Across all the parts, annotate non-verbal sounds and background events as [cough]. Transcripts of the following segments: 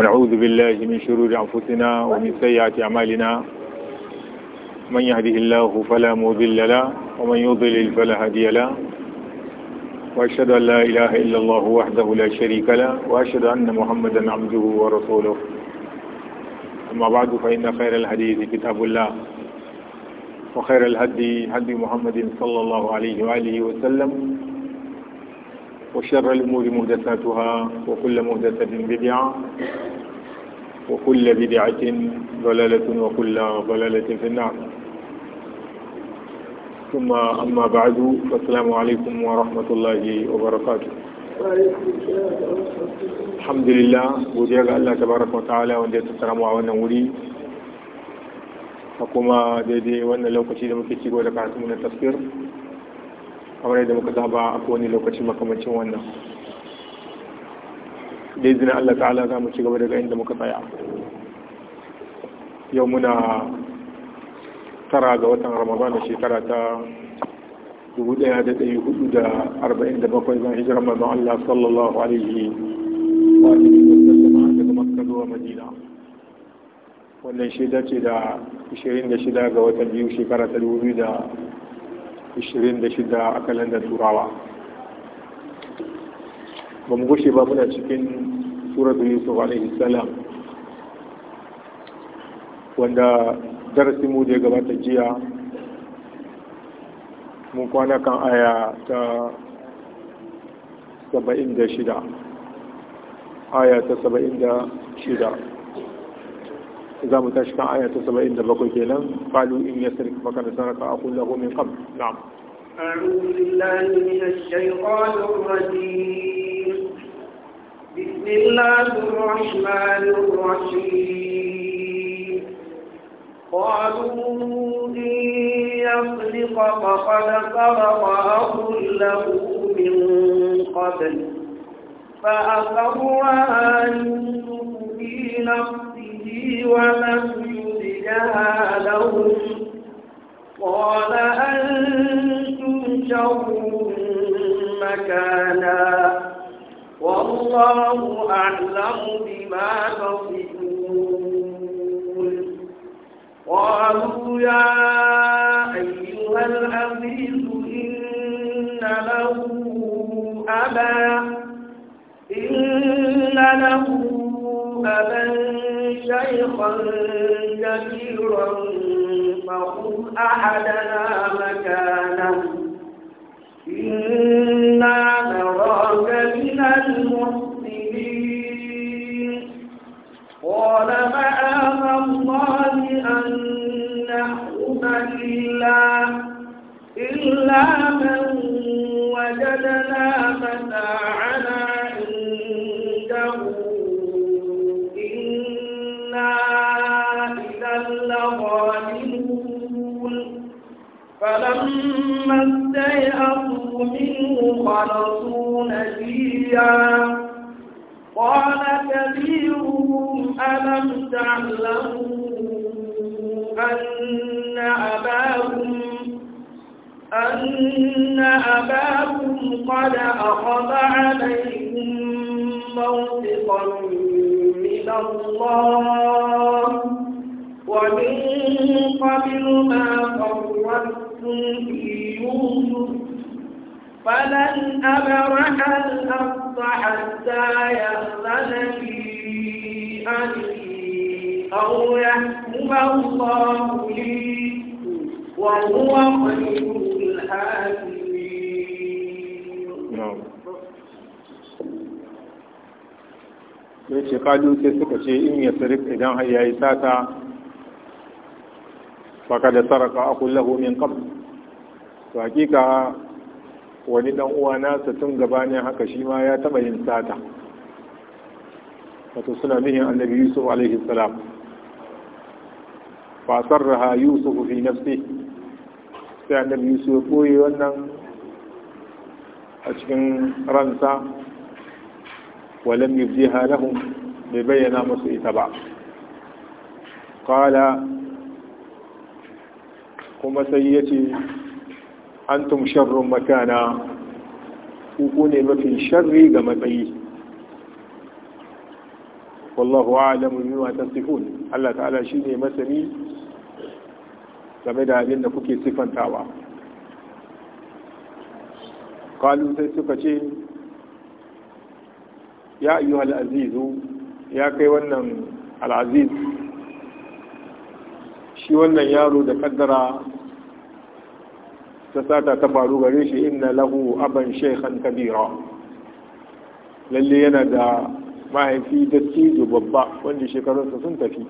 ونعوذ بالله من شرور أنفسنا ومن سيئات أعمالنا من يهده الله فلا مضل له ومن يضلل فلا هادي له وأشهد أن لا إله إلا الله وحده لا شريك له وأشهد أن محمدا عبده ورسوله أما بعد فإن خير الحديث كتاب الله وخير الهدي هدي محمد صلى الله عليه وآله وسلم وشر الأمور مهدساتها وكل مهدسة بدعة وكل بدعة ضلالة وكل ضلالة في النار ga Allah tabaraka wa ta'ala wanda ya tattara mu wuri a kuma daidai wannan lokaci da muke cigo da karatu na tafsir kamar yadda muka saba a kowane lokaci makamancin wannan da izinin Allah ta'ala za mu ci gaba daga inda muka tsaya yau muna tara ga watan ramadana shekara ta 1447 zan hijirar manzon Allah sallallahu alaihi wa sallam daga Makka zuwa Madina wannan shida ce da 26 ga watan biyu shekara ta 2026 a kalandar turawa ba mu gushe ba muna cikin suratu yusuf alaihi salam wanda darasi mu da ya gabata jiya mun kwana kan aya ta saba'in da shida aya ta 76 za mu tashi kan aya ta saba'in da bakwai kenan falu in ya sarki baka da sarrafa a kullahu min kam na'am أعوذ بالله من الشيطان الرجيم الله الرحمن الرحيم قالوا إن يخلق فقد سبق أخ له من قبل فأخرها يوسف في نفسه ولم يبدها لهم قال أنتم شر مكانا والله أعلم بما تصفون قالوا يا أيها العزيز إن له أبا إن له أبا شيخا كبيرا فخذ أحدنا مكانه إنا نراك المحسنين قال معاذ الله أن نعبد إلا من وجدنا متاعنا عنده إنا إذا لظالمون فلما استيأسوا منه خلصون فيها قال كبيرهم ألم تعلموا أن أباهم أن أباكم قد أخذ عليكم موثقا من الله ومن قبل ما فرطتم في يوسف فلن أبرح الأرض حتى يأذن لي أبي أو يحكم الله لي وهو خير الحاكمين. نعم. sai ce kaju sai suka ce in ya sarif idan har yayi sata faka da saraka a kullahu min qabl to hakika wani dan uwa nasa tun gabanin haka shi ma ya taba yin sata wato suna nihin annabi yusuf alaihi salam fasarraha yusuf fi nafsi sai annabi yusuf ya koyi wannan a cikin ransa walam yubdiha lahum bai bayyana musu ita ba qala kuma sai yace antum sharrun makana ku ne mafi sharri ga matsayi wallahu a'lamu bima tasifun Allah ta'ala shine masani game da abin da kuke sifantawa qalu sai suka ce ya ayyuhal azizu ya kai wannan al aziz shi wannan yaro da kaddara ta sata ta faru gare shi inna lahu aban shaykhan kabira lalle yana da mahaifi da babba wanda shekarunsa sun tafi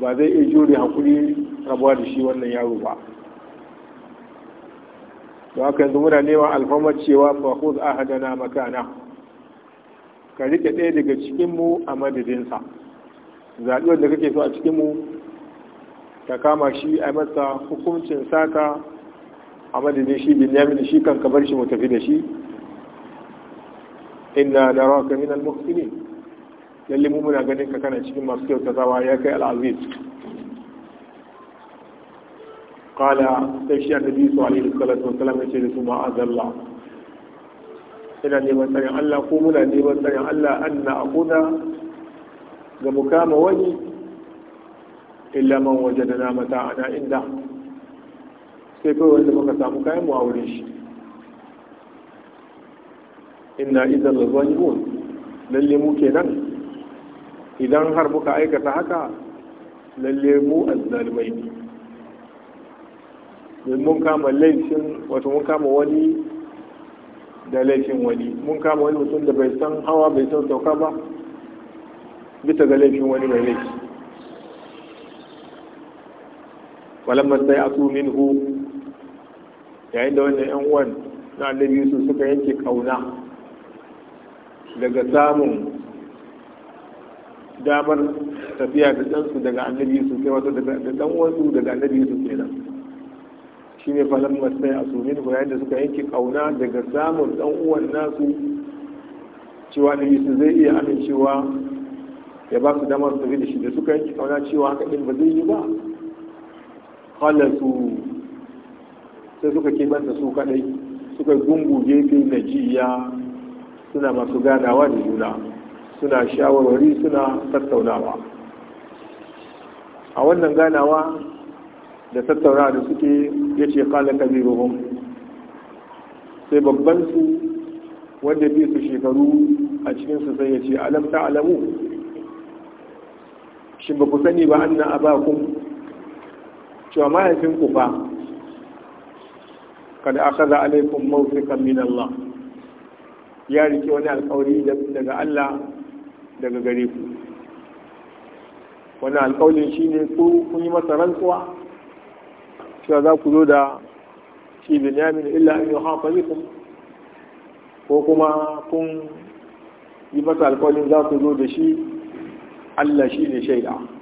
ba zai iya jure hakuri rabuwa da shi wannan yaro ba to haka yanzu muna neman alfama cewa fa khudh ahadana makana ka rike ɗaya daga cikinmu a madadinsa zaɓi wanda kake so a cikinmu ta kama shi a masa hukuncin saka a madadin shi binyamin shi kan kamar shi mu tafi da shi Inda naraka min al-muhsinin lalle mu muna ganin ka kana cikin masu ta zawa ya kai al-aziz qala sai shi annabi su alaihi wasalam ya ce da su ma'azalla ina neman tsarin Allah ko muna neman tsarin Allah an na akuna ga mukama wani illa man na mata ana inda sai kawai wanda muka samu kayan mu aure shi inna idan lazalimun lalle mu kenan idan har muka aikata haka lalle mu azzalimai ne don mun kama laifin wato mun kama wani da laifin wani mun kama wani mutum da bai san hawa bai san sauka ba bisa ga laifin wani mai laifi walamma sai asu minhu yayin da wannan yan uwan na annabi Yusuf suka yanke kauna daga samun damar tafiya da ɗansu daga annabi Yusuf sai wato da ɗan wasu daga annabi Yusuf kenan shi ne falon sai a sumin ko yayin da suka yanke kauna daga samun ɗan uwan nasu cewa da Yusuf zai iya amincewa ya ba su damar su da shi da suka yanke kauna cewa haka ɗin ba zai yi ba halatu sai suka kebanta su kadai suka gungu gefe na jiya suna masu ganawa da juna suna shawarwari suna tattaunawa a wannan ganawa da tattaunawa da suke ya ce kala kabiruhum sai babban su wanda bi su shekaru a cikin su sai ya ce alam alamu shin ba ku sani ba anna abakun cewa mahaifin ku aka kada akhadha alaikum mawthiqan min Allah ya rike wani alƙawari daga Allah daga gare ku wani alƙawarin ne ku kun yi masa rantsuwa cewa za ku zo da shi binyamin illa an yi kun, ko kuma kun yi masa alƙawarin za ku zo da shi Allah shi ne shaida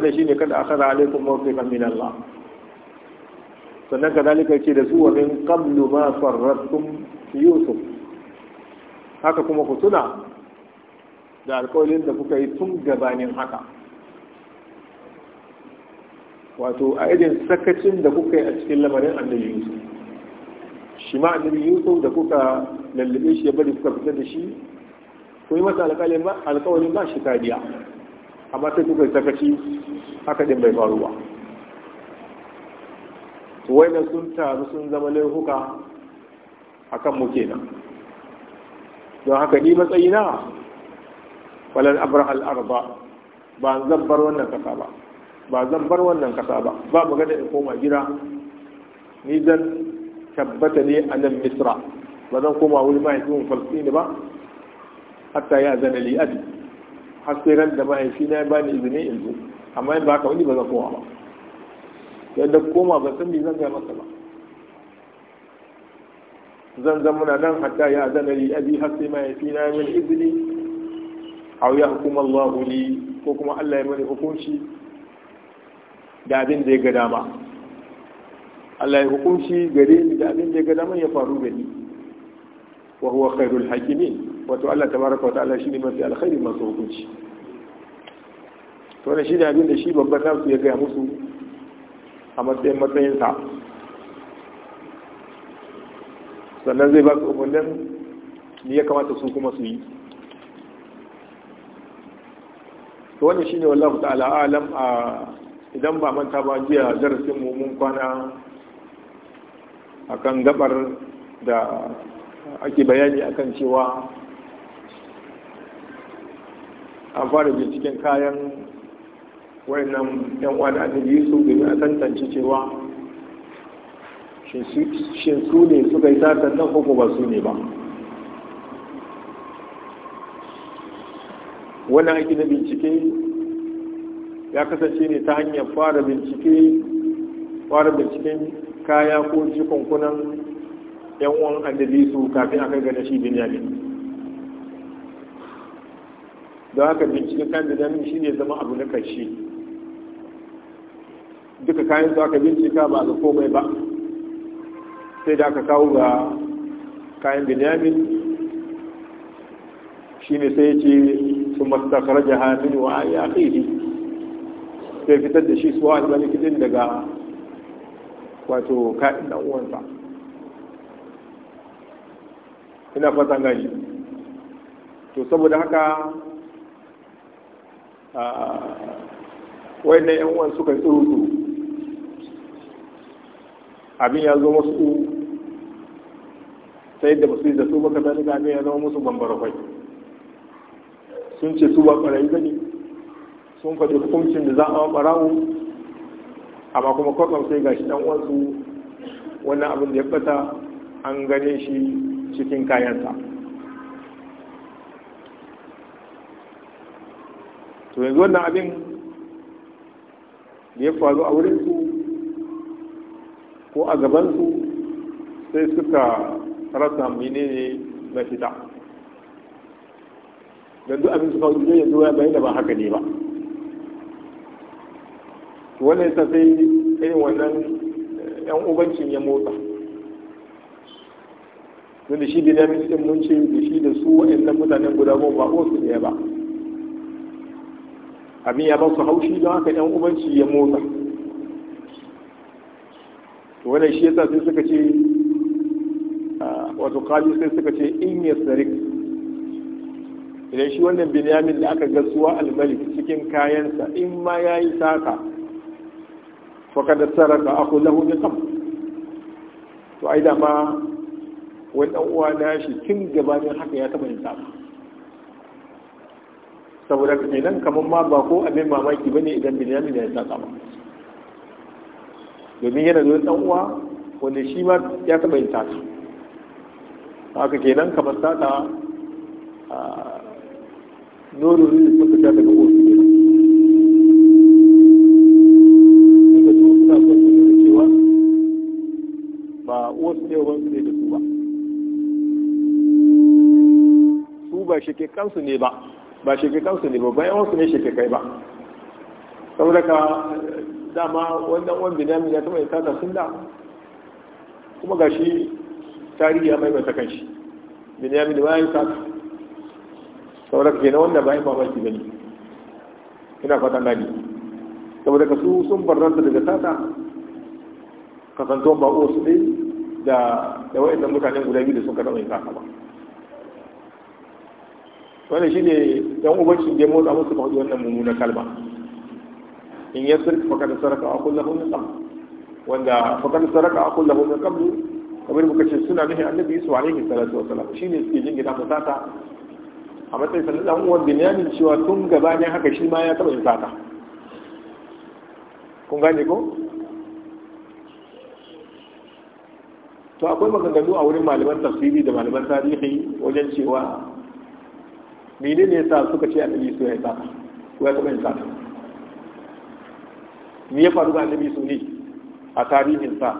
shi ne kada akhadha alaikum mawqiqan min Allah sannan kadalika ce da su wa min qablu ma farrattum yusuf haka kuma ku tuna da alƙawarin da kuka yi tun gabanin haka wato a idin sakacin da kuka yi a cikin lamarin annabi yusuf shi ma annabi yusuf da kuka lallabe shi ya bari kuka fita da shi ko yi masa alƙawarin ba shi kariya amma sai kuka yi sakaci haka din bai faruwa ba da sun taru sun zama laifuka a kan muke nan. don haka ni matsayina walan abra al-arba ba zan bar wannan kasa ba ba zan bar wannan kasa ba ba mu gada in koma gida ni zan tabbata ne a nan misra ba zan koma wani mahaifin falsini ba hatta ya zana li'adi har da ran da mahaifina ya bani izini in zo amma in ba haka wani ba zan koma ba yadda koma ba san zan gaya masa ba zan zama na nan hatta ya azana li abi har sai mahaifina ya mini izini aw ya hukuma Allahu li ko kuma Allah ya mini hukunci da abin da ya ga dama Allah ya hukunci gare ni da abin da ya ga dama ya faru gani wa huwa khairul hakimin wato Allah tabaraka wa ta'ala shine mafi alkhairi masu hukunci to ne shine abin da shi babban nasu ya gaya musu a matsayin matsayinsa sannan zai ba su umarnin ni ya kamata su kuma su yi to wannan shine wallahu ta'ala alam a idan ba manta ba jiya darasin mu mun kwana akan gabar da ake bayani akan cewa an fara binciken kayan wayannan yan wani da su domin a tantance cewa shin su ne suka yi sata nan ko ba su ne ba wannan aiki na bincike ya kasance ne ta hanyar fara bincike fara binciken kaya ko jikunkunan yan uwan annabi su kafin aka gane shi binyamin da haka binciken kayan dami shi ne zama abu na karshe duka kayan su aka bincika ba ga komai ba sai da aka kawo ga kayan binyamin shi ne sai ya ce su mastakar jahamin wa ya yaƙi sai fitar da shi su wa almalikin daga wato kayan ɗan uwansa ina fata gani to saboda haka wannan yan uwan suka tsuru abin ya zo musu sai da basu yi da su baka sani abin ya zama musu bambara kwai sun ce su ba ɓarayi gani, sun faɗi hukuncin da za a wu amma kuma kwakwam sai gashi ɗan uwansu wannan abin da ya ɓata an gane shi cikin kayansa to yanzu wannan abin da ya faru a wurinsu ko a gabansu sai suka rasa menene na don duk abin suka zai yanzu ya bayyana ba haka ne ba to wannan ta sai irin wannan yan eh, ubancin ya motsa wanda shi da damin cikin mun ce da shi da su waɗannan mutanen guda goma ba ko su ne ba abin ya ba su haushi don haka ɗan ubanci ya motsa wannan shi yasa sai suka ce wato kaji sai suka ce in ya sarik idan shi wannan binyamin da aka gasuwa almalik cikin kayansa in ma ya yi saka faƙadar saraka aku lahu kam? to ai dama wani ɗan uwa na shi tun gabanin haka ya taɓa yin saka saboda ka kenan kamar ma ba ko abin mamaki ba ne idan binyamin ya saka ba domin yana zuwa ɗan uwa wanda shi ma ya taɓa yin tata haka kenan kamar tata nono ne sun fita daga ofi su suna son da cewa ba wasu ne wani ne da su ba su ba shi ke kansu ne ba ba kansu ne ba bayan wasu ne kai ba saboda ka dama wannan wani binyamin ya taɓa ya da sun da kuma ga shi tarihi ya mai mata kanshi binyamin da bayan sata saboda ka kenan wanda bayan mamaki gani ina fata gani saboda ka su sun barnanta daga sata kasantuwan ba uwarsu ne da da wa'annan mutanen guda biyu da sun taɓa mai kasa ba wannan shine yan ubanci da motsa musu faɗi wannan mummunan kalma in ya sirka fakar saraka a kullahu min qabl wanda fakar saraka a kullahu min qabl kamar muka ce suna nufin annabi yusuf alaihi salatu shi ne suke jin gida masata a matsayin sanin dan uwan binyamin cewa tun gaba ne haka shi ma ya taɓa yin sata kun gane ko to akwai maganganu a wurin malaman tafsiri da malaman tarihi wajen cewa Mene ne yasa suka ce annabi so ya sata ko ya taɓa yin sata me ya faru ga annabi so ne a tarihin sa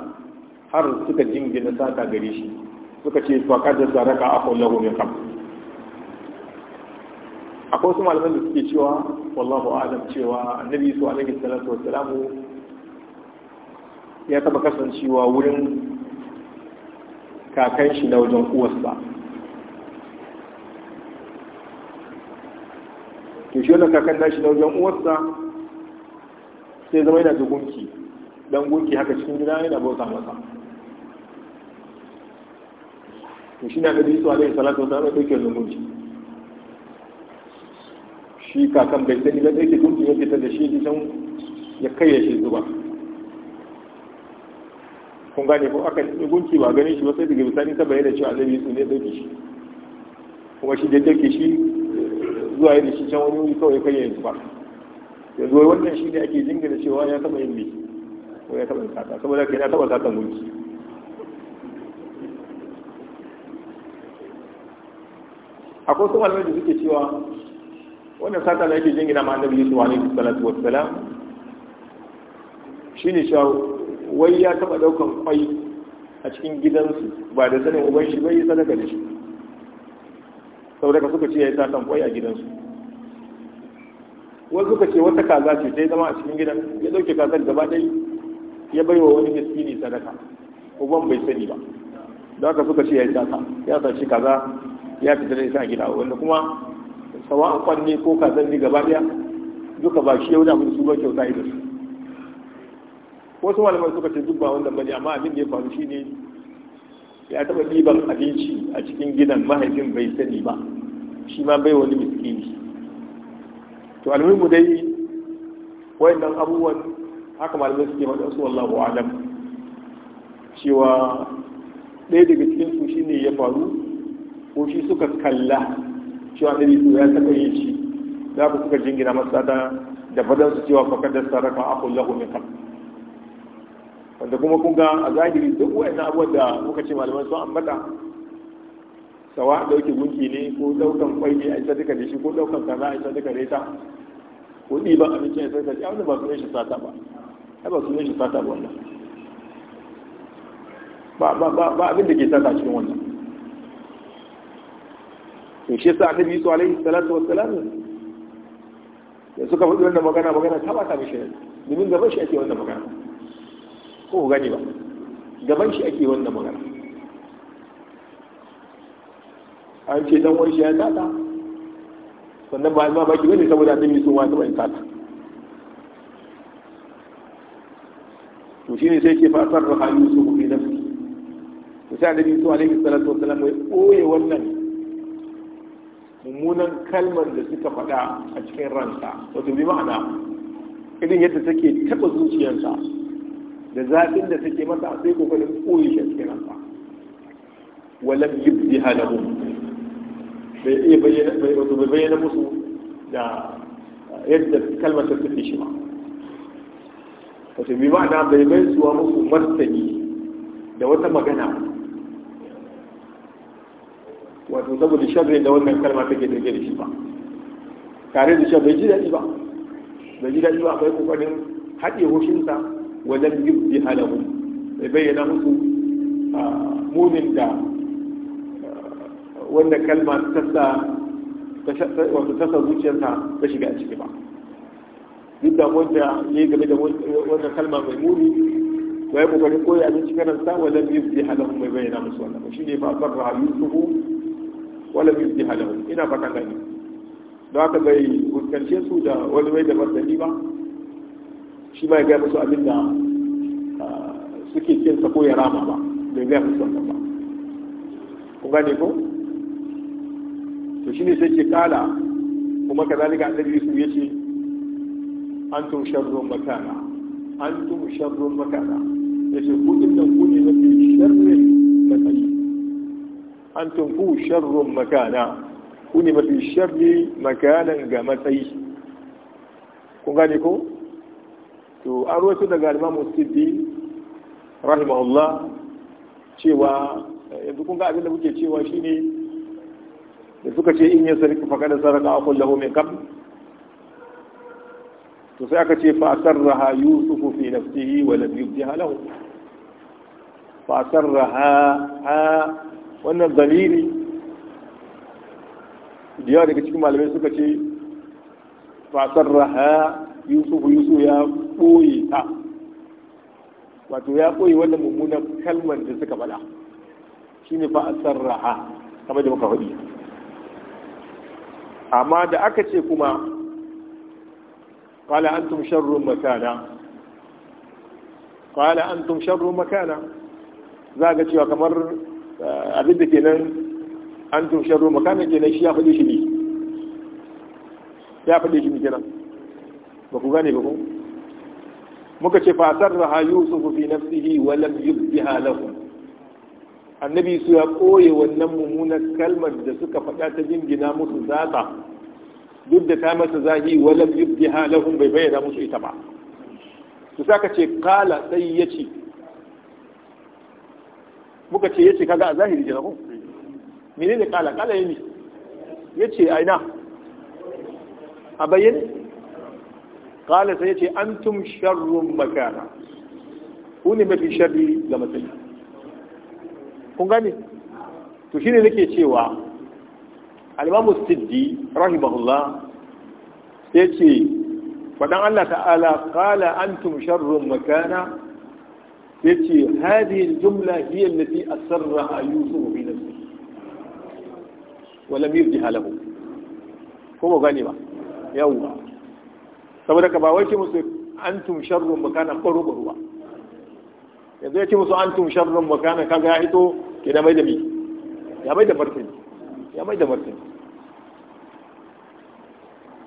har suka jingina sata gare shi suka ce to da zaraka a kullu min yakam akwai wasu malaman da suke cewa wallahu alam cewa annabi su alaihi salatu wa salamu ya taba kasancewa wurin kakan shi da wajen uwarsa to shi wannan kakan nashi na wajen uwarsa sai zama yana da gunki dan gunki haka cikin gida yana bauta masa to shi na gadi su alaihi salatu wasallam ya yake wannan gunki shi kakan bai sani ba ke gunki ya fita da shi can ya kai ya shi zuba kun gane ko aka yi gunki ba ganin shi ba sai daga bisani ta bayyana cewa annabi su ne dauke shi kuma shi da dauke shi zuwa yadda shi can wani wuri kawai kai yanzu ba yanzu wai wannan shi ne ake jingina cewa ya taɓa yin me ko ya taɓa sata saboda ke na taɓa sata mulki akwai su malamai da suke cewa wannan sata da ake jingina ma annabi Yusuf alaihi salatu wassalam shine cewa wai ya taɓa ɗaukan kwai a cikin gidansu ba da sanin uban shi bai sadaka da shi saboda ka suka ce ya yi satan kwai a gidansu wasu suka ce wata kaza ce ta yi zama a cikin gidan ya dauke kazar gaba dai ya bai wa wani miskini sadaka uban bai sani ba da aka suka ce ya yi sata ya sace kaza ya fita da ita a gida wanda kuma an kwanne ko kazan ne gaba daya duka ba shi yau da mun su ba kyauta idan su wasu malaman suka ce duk ba ne amma abin da ya faru shi ne ya taɓa ɗiban abinci a cikin gidan mahaifin bai sani ba shi ma bai wani miskini to almuhimu dai wayannan abubuwan haka malamai suke faɗa su wallahu alam cewa ɗaya daga cikin su shine ya faru ko shi suka kalla cewa nabi su ya taɓa yin shi za ku suka jingina masa da da fadan su cewa fakar da saraka akul lahu min qabl wanda kuma kun ga a zahiri duk wayannan abubuwan da muka ce malaman sun ambata sawa dauke gunki ne ko ɗaukan kwai a isa duka da shi ko ɗaukan kaza a isa duka da ita ko ni ba a isa sai da wanda ba su shi sata ba ai ba su shi sata ba wannan ba ba ba ba abin da ke sata cikin wannan to shi yasa annabi Yusuf alaihi salatu wassalam da suka faɗi wannan magana magana ta ba ta mishi domin gaban shi ake wannan magana ko gani ba gaban shi ake wannan magana an ce dan wani shi ya tata sannan ba ma baki bane saboda annabi sun wata bai tata to shine sai ke fasar da hali su ku da su sai annabi su alaihi salatu wassalam ya koye wannan mummunan kalmar da suka faɗa a cikin ransa wato bi ma'ana irin yadda take taɓa zuciyarsa da zafin da take masa sai kokarin koyi shi a cikin ransa walam yubdiha lahum bai iya bayyana bai bayyana musu da yadda kalmar ta fi shi ba wato bi ma'ana bai bai suwa musu martani da wata magana wato saboda sharri da wannan kalmar take da da shi ba tare da shi bai ji daɗi ba bai ji daɗi ba bai kokarin haɗe hushinsa wajen gibbi halahu bai bayyana musu ah, munin da wanda kalma ta sa wato ta sa zuciyarsa ta shiga a ciki ba duk da wanda ya game da wannan kalma mai muni wa ya kokarin koyi abinci kanan sa wala yuzdi halahu mai bayyana musu wannan shi ne fa sarra yusufu wala yuzdi halahu ina fata gani da aka bai fuskance su da wani mai da martani ba shi ma ya gaya musu abin da suke kinsa ko ya rama ba bai gaya musu wannan ba ku gane ko shi ne sai ke kala kuma ka kazalika ya Yusuf An tun sharrun makana An tun sharrun makana Ya ku din nan ku ne mafi sharrin An tun ku sharrun makana ku ne mafi sharri makanan ga matsayi kun gane ko to an rufe daga Imam Sidi rahimahullah cewa yanzu kun ga abin da muke cewa shine da suka ce in ya sarki fa kada sarrafa a kulle min kam to sai aka ce fa sarraha yusufu fi nafsihi wa lam yubdiha lahu fa sarraha ha wannan dalili da yawa daga cikin malamai suka ce fa sarraha yusufu yusufu ya ɓoye ta wato ya ɓoye wannan mummunan kalmar da suka faɗa ne fa sarraha kamar da muka faɗi amma da aka ce kuma an antum sharrun makana an tun sharrun makana za ga cewa kamar eh, abin da an tun sharrun makana kenan shi ya faɗi shi ne ya faɗi shi ne kenan ba ku gane ba ku muka ce fasar da ha yusufu fi nafsihi wa lam yubdiha lahum annabi su ya koye wannan mummunar kalmar da suka faɗa ta jingina musu zaka duk da ta masa zahi wala yubdiha lahum bai bayyana musu ita ba su saka ce kala sai ya ce muka ce ya ce kaga a zahiri jira ko mene ne kala kala ya ne ya ce aina a bayyane? kala sai ya ce antum sharrun makana ku ne mafi sharri ga matsayi kun gane to shine nake cewa al-imamu siddi rahimahullah yace fadan Allah ta'ala qala antum sharrun makana yace hadhihi al-jumla hiya allati asarra yusuf bi nafsihi wa lam yurdiha lahu kuma ba gane ba yawwa saboda ka ba wai ce musu antum sharrun makana ko ruwa yanzu ya ce musu an tum sharrun makana kaga ya hito ke da mai da mi ya mai da martini ya mai da martani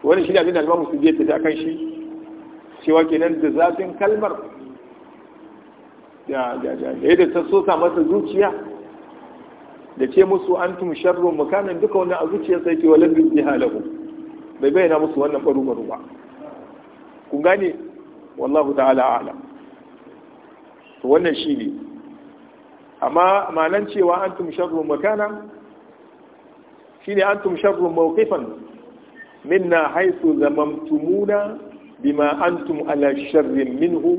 wani shi da abin da alimamu su je ta kan shi cewa kenan da zafin kalmar da yadda ta sosa masa zuciya da ce musu an tum sharrun makanan duka wani a zuciya sai ke walar bin halahu bai bayyana musu wannan baru baru ba kun gane wallahu ta'ala a'lam to wannan shi ne amma malan cewa an tum sharrun makana shi ne an tum sharrun mawqifan minna haisu zaman zamamtumuna bima antum ala sharrin minhu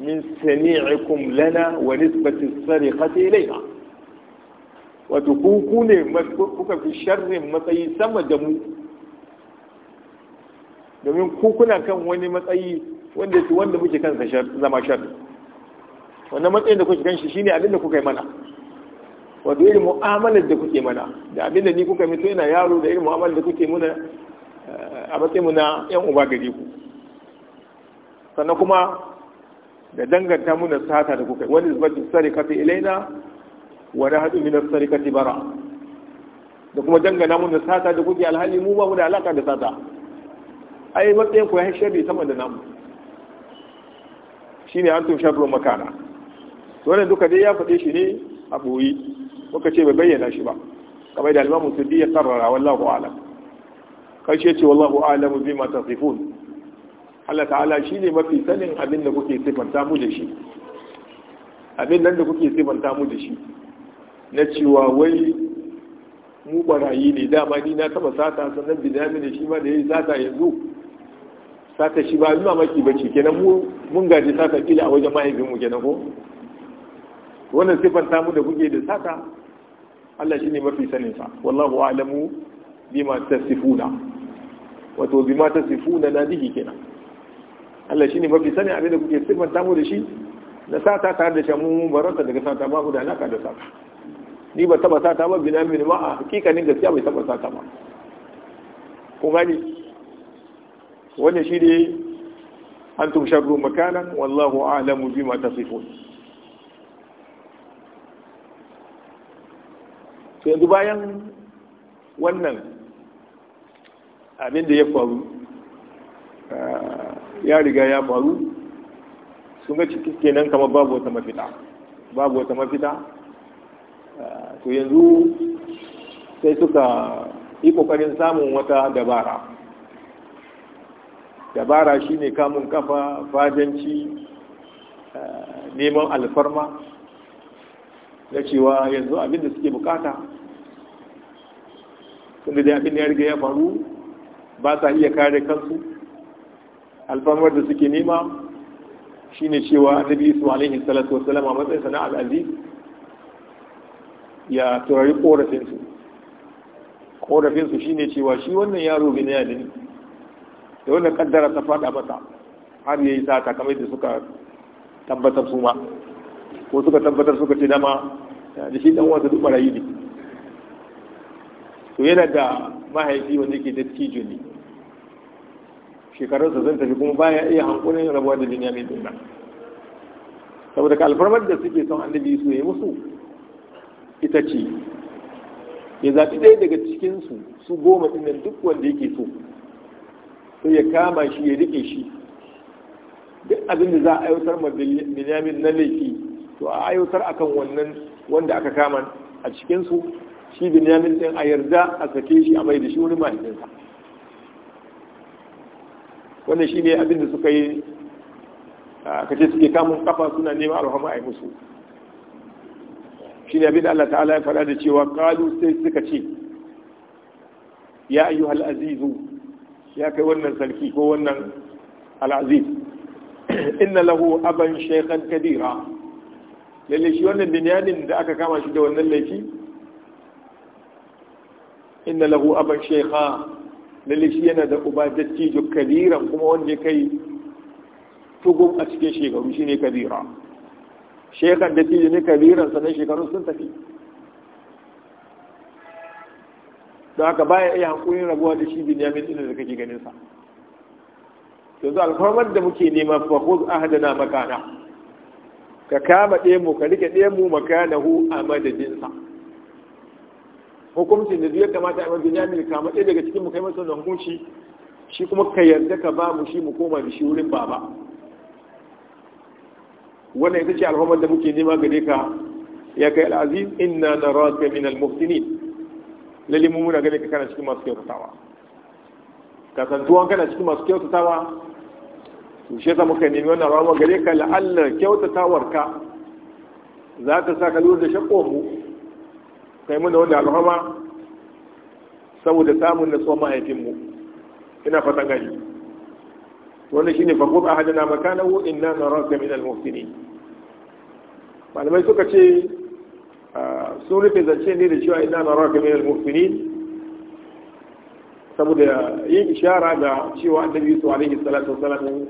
min sami'ikum lana wa tsari sariqati ilayna wato ku ku ne kuka fi sharrin matsayi sama da mu domin ku kuna kan wani matsayi wanda muke kansa zama sharrin? wannan matsayin da kuke gan shi shine abin da kuka yi mana wato irin mu'amalar da kuke mana da abin da ni kuka mito yana yaro da irin mu'amalar da kuke muna eh, a matsayin mu na yan uba gare ku sannan kuma da danganta muna sata da kuka wani zubatin sarikati ilaina wa rahadu min sarikati bara da kuma dangana muna sata da kuke alhali mu ba mu da alaka da sata ai matsayin ku ya sharri sama da namu shine an tum sharru makana wannan duka dai ya faɗe shi ne a ɓoye muka ce bai bayyana shi ba kamar da alimamu su biya karrara wallahu ala karshe ce wallahu mu bi ma tasifun Allah ta'ala shi ne mafi sanin abin da kuke sifanta mu da shi abin nan da kuke sifanta mu da shi na cewa wai mu barayi ne dama ni na taba sata sannan bidami da shi ma da yi sata yanzu sata shi ba nuna maki bace kenan mun gaji sata kila a wajen mahaifin mu kenan ko wannan siffar tamu da kuke da sata Allah shi ne mafi sanin sa wallahu a'lamu bima tasifuna wato bima tasifuna na dihi kenan Allah shi ne mafi sanin abin da kuke siffar tamu da shi da sata tare da shamu barata daga sata ba ku da alaka da sata ni ba taba sata ba bina min ma a hakikanin gaskiya bai taba sata ba ko gani wannan shi ne antum sharru makanan wallahu a'lamu bima tasifuna to yanzu bayan wannan abin da ya faru ah, ya riga ya faru sun ga cikin kenan kamar babu wata mafita babu wata mafita ah, to yanzu sai suka yi kokarin samun wata dabara dabara shine kamun kafa fadanci ah, neman alfarma na cewa yanzu abin da suke bukata tunda dai abin da ya riga ya faru ba sa iya kare kansu alfarmar da suke nema shine cewa annabi su alaihi salatu wasalam a matsayin sana al'aziz ya turari korafinsu korafinsu shine cewa shi wannan yaro bin yadin da wannan kaddara ta fada masa har yayi sata kamar da suka tabbatar su ma ko suka tabbatar suka ce dama da shi dan wasu duk barayi ne to yana da mahaifi wanda yake dattijo ne shekarunsa zan tafi kuma baya iya hankulin rabuwa da duniya mai dunna saboda ka alfarmar da suke son annabi su ya musu ita ce ya zaɓi ɗaya daga cikinsu su goma ɗin duk wanda yake so sai ya kama shi ya riƙe shi duk abin da za a aiwatar ma binyamin na laifi to a aiwatar akan wannan wanda aka kama a cikinsu shi binyamin din a yarda a sake shi a bai da shi wani mahaifinsa wannan shi ne abin da suka yi ce suke kamun kafa suna neman alhama a yi musu shi ne abin da Allah ta'ala ya fara da cewa kalu sai suka ce ya ayyu al'azizu ya kai wannan sarki ko wannan al'aziz inna lahu aban shaykhan kadira lalle shi wannan binyamin da aka kama shi da wannan laifi inna lahu aban shaykha lalle shi yana da uba dattijo kabiran kuma wanda kai tugun a cikin shekaru shine kabira shekhan dattijo ne kabiran sanan shekaru sun tafi don haka baya iya hankulin rabuwa da shi binyamin ɗin da kake ganin sa yanzu alfahamar da muke nema fa khuz ahdana makana ka kama ɗaya mu ka rike ɗaya mu makanahu a madadinsa hukuncin da ya kamata a mabiya yamin kama ɗaya daga cikin mu kai da hukunci shi kuma ka yarda ka ba mu shi mu koma da shi wurin baba wannan ita ce alhamar da muke nema gare ka ya kai al'aziz inna na raka min al-muftinin lalle mu muna gane ka kana cikin masu kyautatawa kasantuwan kana cikin masu kyautatawa to shi yasa muka nemi wannan rawa gare ka la'allar kyautatawar ka za ka sa ka lura da shakko mu kai muna wanda alhama saboda samun nasuwa mahaifinmu ina fatan gani wannan shine fa qud ahadana makanahu inna naraka min al-muhsinin malamai suka ce sun rufe zance ne da cewa inna naraka min al-muhsinin saboda yin ishara da cewa annabi yusuf alaihi salatu wasalam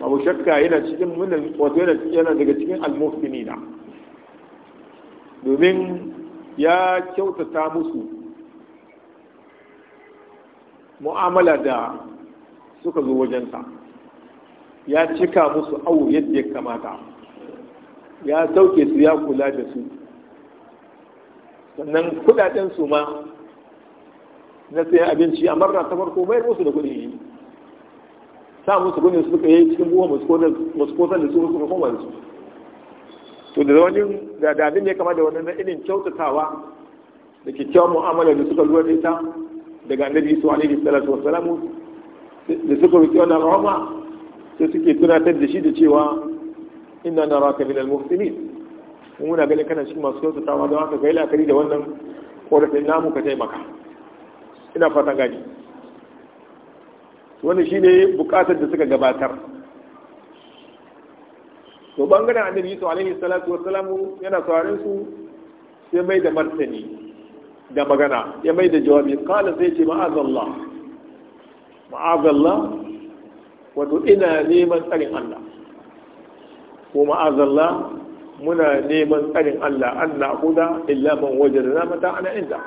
babu shakka yana cikin wato yana daga cikin al na domin ya kyautata musu mu'amala da suka zo wajenta. ya cika musu awo yadda ya kamata ya sauke su ya kula da su sannan kudaden su ma na sayan abinci a marna ta farko mai musu da kudi sa musu gudun su suka yi cikin buwa masu kotar da su suka koma da su to da zaune da dadi ne kama da wannan irin kyautatawa da kyakkyawar mu'amala da suka lura da ita daga annabi Isa alaihi salatu wassalamu da suka roki wannan rahama sai suke tunatar da shi da cewa inna naraka minal muhsinin mun muna ganin kana cikin masu kyautatawa don haka kai la'akari da wannan korafin namu ka taimaka ina fatan gani wannan shine bukatar da suka gabatar to bangaren annabi yusuf alaihi salatu wassalamu yana sauraron su sai mai da martani da magana ya mai da jawabi kala sai ce ma'azallah ma'azallah wato ina neman tsarin Allah ko ma'azallah muna neman tsarin Allah an na'uda illa man wajadna mata ana inda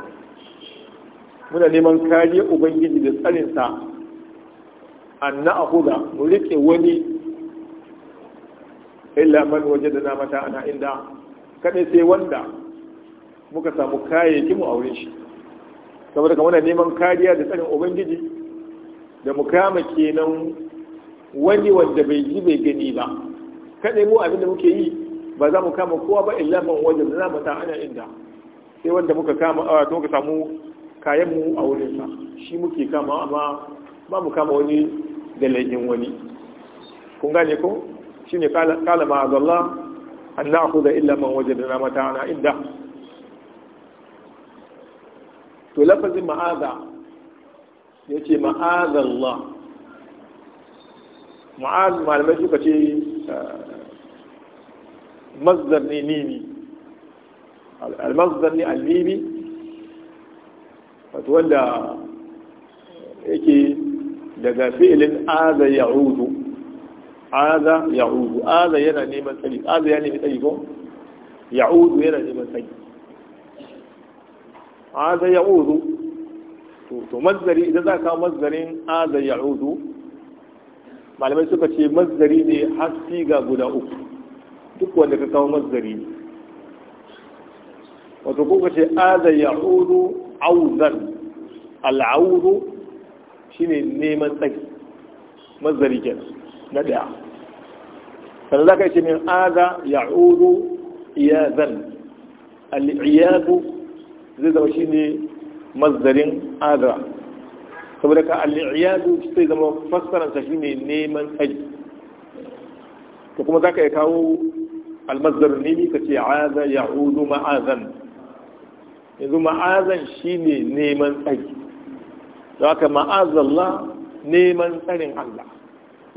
muna neman kariya ubangiji da tsarinsa an na'uda mu rike wani illa man wajadna mata ana inda kadai sai wanda muka samu kayayyaki mu aure shi saboda kamar da neman kariya da tsarin ubangiji da mukama kenan wani wanda bai ji bai gani ba kadai mu abin da muke yi ba za mu kama kowa ba illa man wajadna mata ana inda sai wanda muka kama a ah, to muka samu kayan mu a wurin sa shi muke kama amma ba mu kama wani da laifin wani kun gane ko shine kala ma'azallah an na'khudha illa man wajadna mata'ana inda to lafazin ma'aza yace ma'azallah ma'az malamai suka ce ah, mazdar ne nini, al-mazdar ne al-nimi wanda yake daga fi'ilin aza ya'udu aza ya'udu aza yana neman tsari aza ya nemi tsari ko ya'udu yana neman tsari aza ya'udu to mazari idan za ka mazarin aza ya'udu malamai suka ce mazari ne haski ga guda uku duk wanda ka kawo mazari ne wato ka ce aza ya'udu auzan al'audu shine neman tsari mazari kenan na ɗaya sannan za ka ce min aza ya'udu iyazan al'iyazu zai zama shi ne mazdarin aza saboda ka al'iyazu sai zama fassararsa shi ne neman tsari to kuma za ka kawo almazdar nemi ka ce aza ya'udu ma'azan yanzu ma'azan shi ne neman tsari da haka ma'azallah neman tsarin Allah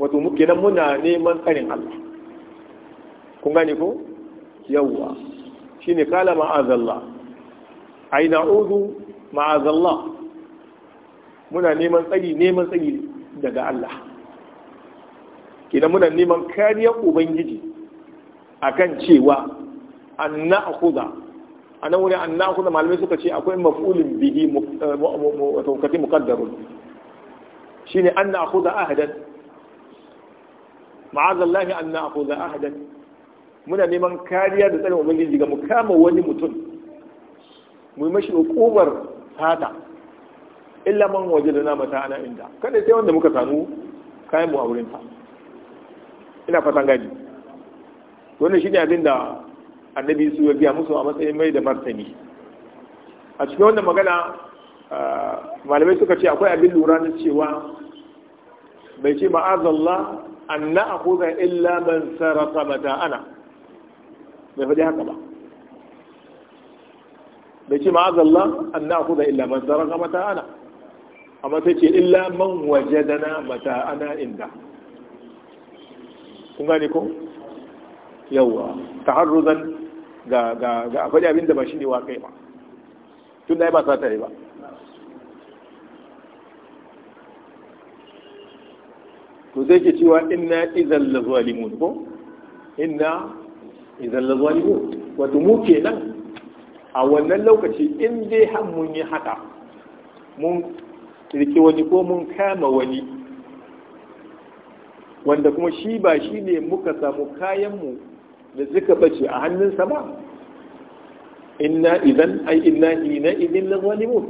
wato muke nan muna neman tsarin Allah kun gane ko yawwa shine kala ma'azallah ai na'udhu ma'azallah muna neman tsari neman tsari daga Allah kenan muna neman kariyar ubangiji akan cewa an na'khudha anan wurin an na'khudha malamai suka ce akwai maf'ulun bihi wato kati muqaddarun shine an na'khudha ahadan ma'azallahi an a ahadan muna neman kariya da tsarin ubangiji ga mu kama wani mutum mu mashi hukumar sata illa man waje da mata ana inda kada sai wanda muka samu kayan mu a wurin ta ina fatan gani wannan shine abin da annabi su ya biya musu a matsayin mai da martani a cikin wannan magana ah, malamai suka ce akwai abin lura na cewa bai ce ma'azallah an na kusa illa man sarrafa mata'ana bai faɗi haka ba bai ce ma'azallah an na kusa illa man sarrafa mata'ana amma sai ce illa man waje mata mata'ana inda kun gani ko yawwa ta ga ga ga faɗi abin da ba shi ne wa kai ba tun da ya ba sa ta yi ba to zai ke cewa inna idan la zalimun ko inna idan la zalimun wato mu kenan a wannan lokaci in dai har mun yi haka mun rike wani ko mun kama wani wanda kuma shi ba shi ne muka samu kayanmu da suka bace a hannunsa ba inna idan ai inna ina idan la zalimun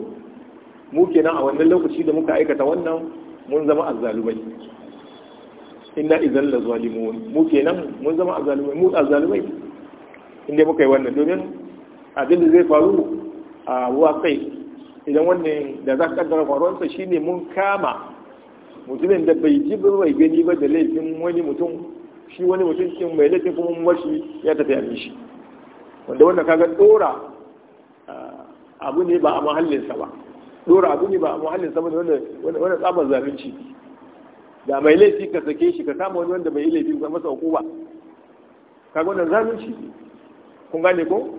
mu kenan a wannan lokaci da muka aikata wannan mun zama azzalumai inna idan la zalimun mu kenan mun zama a zalimai mu zalimai inda muka yi wannan domin abin da zai faru a ruwa kai idan wannan da za ka kaddara faruwarsa ne mun kama mutumin da bai ji bai gani ba da laifin wani mutum shi wani mutum kin mai laifin kuma mashi ya tafi a shi wanda wannan kaga dora abu ne ba a mahallinsa ba dora abu ne ba a mahallinsa ba wanda wanda tsabar zalunci da mai laifi ka sake shi ka kama wani wanda bai yi laifi ba masa hukuma kaga wannan zalunci kun gane ko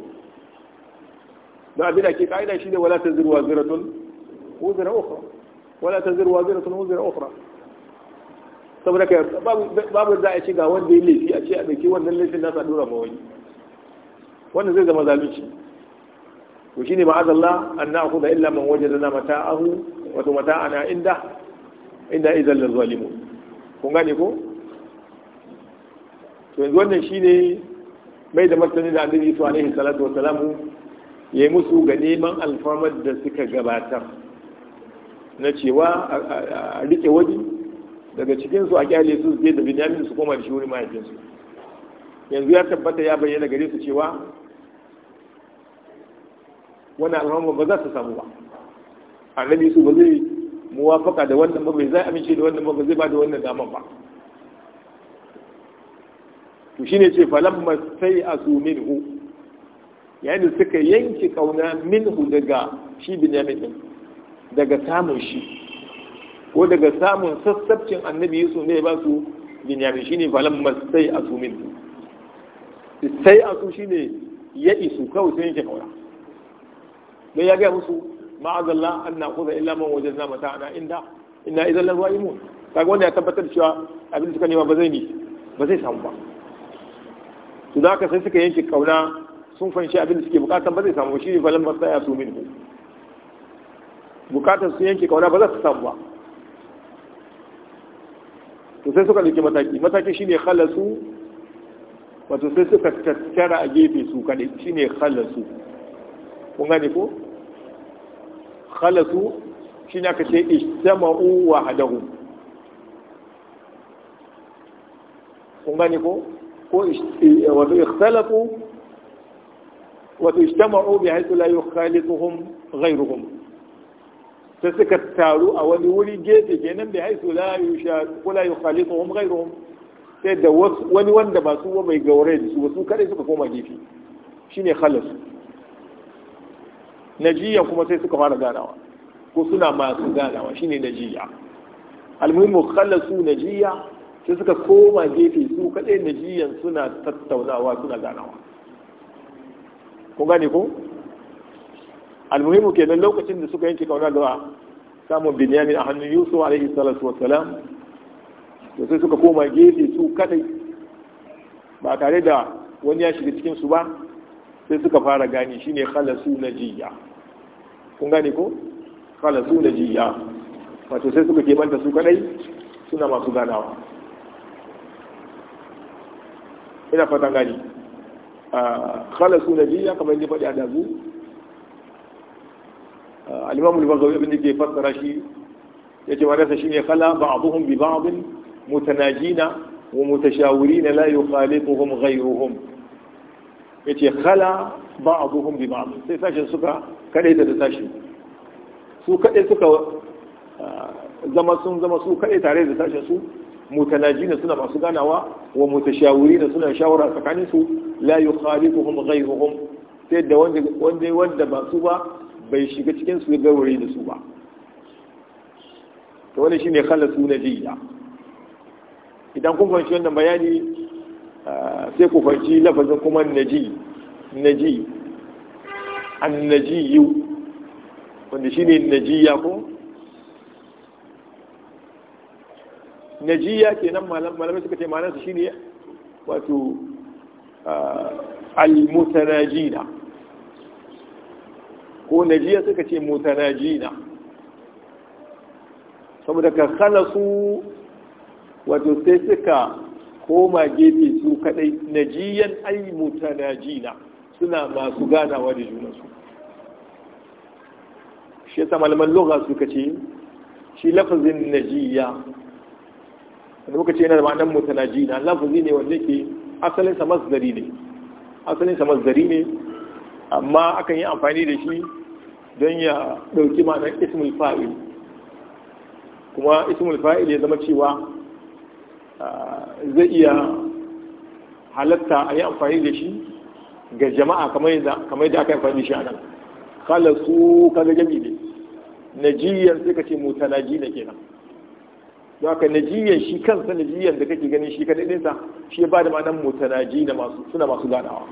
da abin da ke ka'ida ne wala taziru ziratun wuzra ukhra wala taziru ziratun wuzra ukhra saboda kai babu za a ce ga wanda ya laifi a ce a dauki wannan laifin nasa a dora ma wani wannan zai zama zalunci to shine ma'azallah an na'khudha illa man wajadna mata'ahu wa mata'ana inda inna idan la zalimu kun gane ko to yanzu wannan shi ne mai da martani da annabi su alaihi salatu wasalamu yi musu ga neman alfarmar da suka gabatar na cewa a rike waje daga cikin su a kyale su zai da binyamin su koma da shi wurin mahaifinsu yanzu ya tabbata ya bayyana gare su cewa wani alhamma ba za su samu ba annabi su ba zai muwafaka da wannan ba bai zai amince da wannan ba zai ba da wannan dama ba to shine ce falamma sai asu minhu yayin suka yanke kauna minhu daga shi binyamin din daga samun shi ko daga samun sassabcin annabi yusuf ne ba su binyamin shine falamma sai asu minhu sai asu shine ya isu kawai sai yanke kauna dan ya ga musu ma'azalla an na kusa illa man wajen zama ta ana inda ina idan yi zalimun kaga wanda ya tabbatar cewa abin da suka nema ba zai ni ba zai samu ba su da aka sai suka yanke kauna sun fanshi abin da suke bukata ba zai samu shi ne falan masa ya su minhu bukatar su yanke kauna ba za su samu ba to sai suka dauki mataki mataki shine khalasu wato sai suka tattara a gefe su kadai shine khalasu kun gane ko khalasu shi na aka ce wa hadahu kun gani ko ko eh, wato ikhtalafu wato ishtama'u bi haythu la yukhalituhum ghayruhum ta suka taru a wani wuri gefe kenan bi haythu la yushaku la yukhalituhum ghayruhum sai da wani wanda ba su mai gaure da su wasu kare suka koma gefe shine khalasu najiya kuma sai suka fara ganawa ko suna masu ganawa shine najiya almuhimmu khallasu najiya sai suka koma gefe su kadai najiyan suna tattaunawa suna ganawa kun gane ko ke kenan lokacin da suka yanke kauna da samun binyamin a hannun yusuf alaihi salatu wassalam da sai suka koma gefe su kadai ba tare da wani ya shiga cikin su ba sai suka fara gani shine khalasu najiya kun gane ko kala su da jiya wato sai suka ke kebanta su kadai suna masu ganawa ina fatan gani a ah, kala su da jiya kamar yadda faɗi a dazu ah, alimamu imam al-baghawi abin da ke fassara shi ya ce wa shi ne kala ba ba'dhum bi ba ba'd mutanajina wa na mutashawirina la yukhalifuhum ya ce kala ba abuhun bi ba sai sashen suka kaɗai da sashen su kaɗai suka ah, zama sun zama su kaɗai tare da sashen su mutanaji na suna masu ganawa wa mutashawuri na suna shawara tsakanin su la yukhalifuhum ghayruhum sai da wanda wanda ba su ba bai shiga cikin su gaure da su ba shi ne shine khalasu jiya idan kun fahimci wannan bayani ah, sai ku fahimci lafazin kuma ji. naji annajiyu wanda shine najiya ko najiya kenan malamai suka ce shi ne wato almutanajina ko najiya suka ce mutanajina saboda ka su, wato sai suka koma gefe su kadai najiyan ai mutanajina suna masu ganawa da junansu shi yasa malaman lugha suka ce shi lafazin najiya wanda muka ce yana da ma'anar mutanajina lafazi ne wanda ke asalin sa zari ne asalin sa zari ne amma akan yi amfani da shi don ya dauki ma'anar ismul fa'il kuma ismul fa'il ya zama cewa ah, zai iya halatta a yi amfani da shi ga jama'a kamar yadda aka yi faɗi shi a nan, kala khalasu kaga jami ne najiyan sai ka ce ji na kenan don haka najiyan shi kansa najiyan da kake ganin shi kadai sa shi ya ba da ma'anar mota na masu suna masu ganawa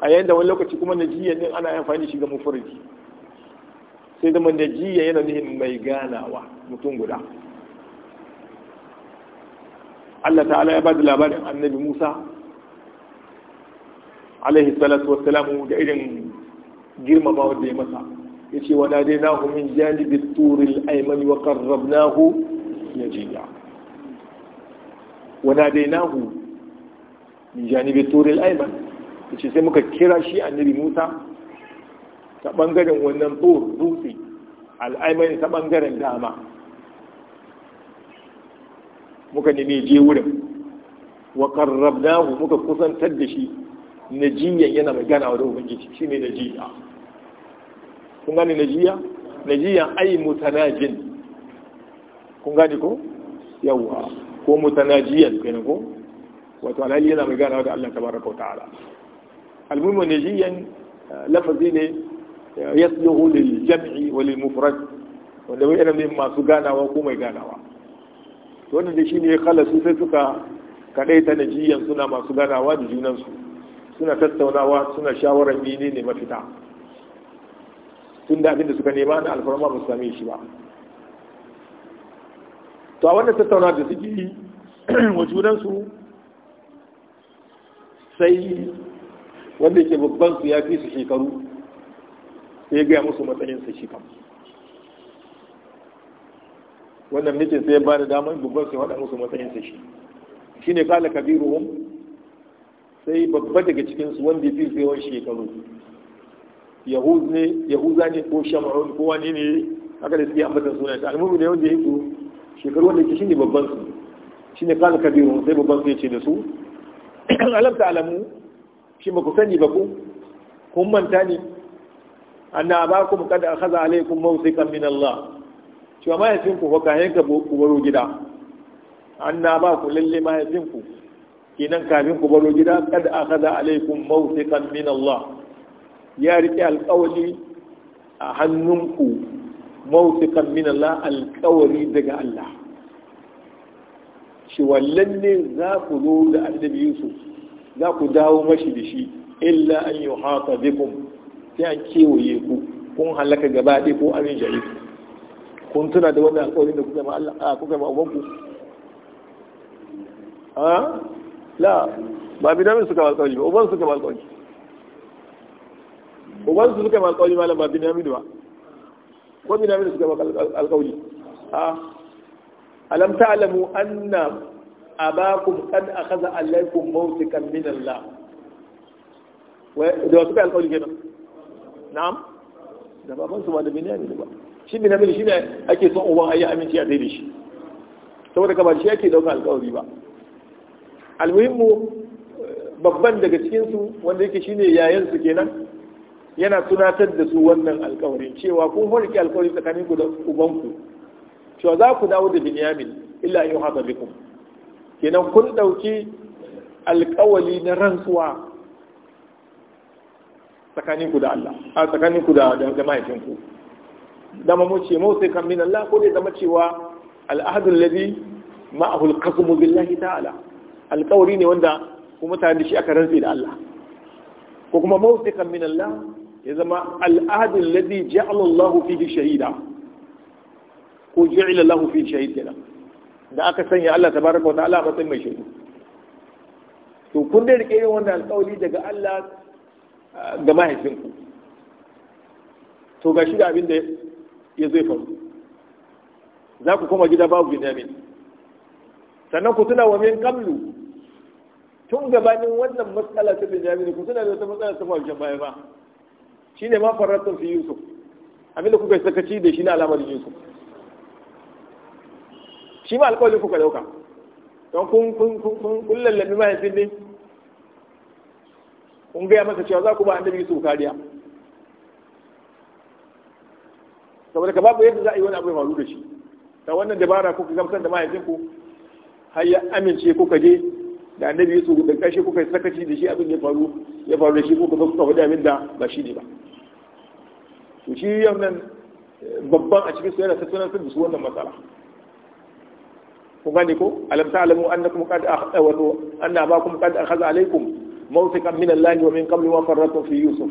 a yayin da wani lokaci kuma najiyan din ana amfani da shi ga mufurki sai zama najiya yana nuhin mai ganawa mutum guda Allah ta'ala ya ba da labarin annabi Musa alaihi salatu wa salamu da irin ba wanda ya masa yace wa hu min janibi turil ayman wa qarrabnahu najiya wa hu min janibi turil ayman yace sai muka kira shi annabi Musa ta bangaren wannan tur dutse al'aimani ta bangaren dama muka nemi je wurin wa qarrabnahu muka kusantar da shi najiyan yana magana wa ubangiji shine najiya kun gane najiya najiyan ai mutanajin kun gane ko yawwa ko mutanajiyan kenan ko wato alhali yana magana da Allah ta tabaraka wa ta'ala almuhimu najiyan eh, lafazi ne eh, yasluhu lil jam'i wa wani mufrad wanda wai yana masu ganawa ko mai ganawa to wannan da shine khalasu sai suka kadaita najiyan suna masu ganawa da junansu suna tattaunawa suna shawarar mini ne mafita tun da abinda suka nema na alfarma ba su same shi ba to a wannan tattauna da suke yi [clears throat] wa junansu sai wanda ke babban su ya fi su shekaru sai gaya musu matsayinsa shi kam wannan mijin sai ba da damar babban su ya haɗa musu matsayinsa shi Shi ne kala kabiru sai babba daga cikinsu wanda ya fi yawan shekaru yahuz ne yahuza ne ko shamarun ko wani ne haka da suke ambatan suna shi almubi ne wanda ya hito shekaru wanda ke shine babban su shine kana kabiru sai babban su ya ce da su alam alamta alamu shi ba ku sani ba ku kun manta ne anna abakum qad akhadha alaykum mawsiqan min Allah cewa mahaifinku ko kayan ka ku baro gida anna ku lalle mahaifinku kenan kafin ku baro gida kad akhadha alaikum mawthiqan min Allah ya rike alqawli a hannunku mawthiqan min Allah alqawli daga Allah shi wallan ne za ku zo da annabi Yusuf za ku dawo mashi da shi illa an yuhata bikum sai an kewaye ku kun halaka gaba ɗaya ko amin jari kun tuna da wannan alƙawarin da kuka ma Allah kuka ma ubanku la ba binamin suka ba alƙawari ba uban suka ba alƙawari uban su suka ba alƙawari malam ba binamin ba ko binamin suka ba alƙawari a alam ta'lamu anna abakum qad akhadha alaykum mawtikan min Allah Wai da suka alƙawari kenan na'am da baban su ba da bi binamin ba shi binamin shine ake son uban ayi aminci a dai da shi saboda kamar shi ake dauka alƙawari ba almuhimmu babban daga cikinsu wanda yake shine yayansu kenan yana tunatar da su wannan alkawarin cewa kun horki alkawari tsakanin ku da ubanku cewa za ku dawo da binyamin illa yi haka bikum kenan kun ɗauki alkawali na rantsuwa tsakanin ku da Allah a tsakanin ku da da mahaifinku dama mu ce mawsai kan min Allah ko dai zama cewa al'ahadul ladhi ma'ahu al billahi ta'ala alkawari ne wanda kuma mutane da shi aka rantse da Allah ko kuma mawthiqan min Allah ya zama al'ahd alladhi ja'ala Allah fihi shahida ko ja'ala Allah fihi shahida. da aka sanya Allah tabaraka wa ta'ala a matsayin mai shaidu to kun da rike wanda wannan alkawari daga Allah ga mahaifinku to gashi da abin da ya zai faru za ku koma gida babu Benjamin sannan ku tuna wa min kamlu tun gabanin wannan matsala ta Benjamin ku suna da wata matsala ta faru baya ba shine ma faratun fi Yusuf abinda kuka yi sakaci da shi na alamar Yusuf shi ma alƙawarin kuka dauka don kun kun kun kun lallabi mahaifin ne kun gaya masa cewa za ku ba annabi Yusuf kariya saboda ka babu yadda za a yi wani abu ya faru da shi ta wannan dabara kuka gamsar da mahaifinku har ya amince kuka je da annabi yusuf da kashe kuka sakaci da shi abin ya faru ya faru da shi kuka zo kuka faɗi abin da ba shi ne ba to shi yau nan eh, babban a cikin su yana tattauna da su wannan matsala Ku gane ko alam ta'lamu annakum qad akhawatu eh, anna abakum qad akhadha alaykum mawthiqan min Allah wa min qabli wa farratu fi yusuf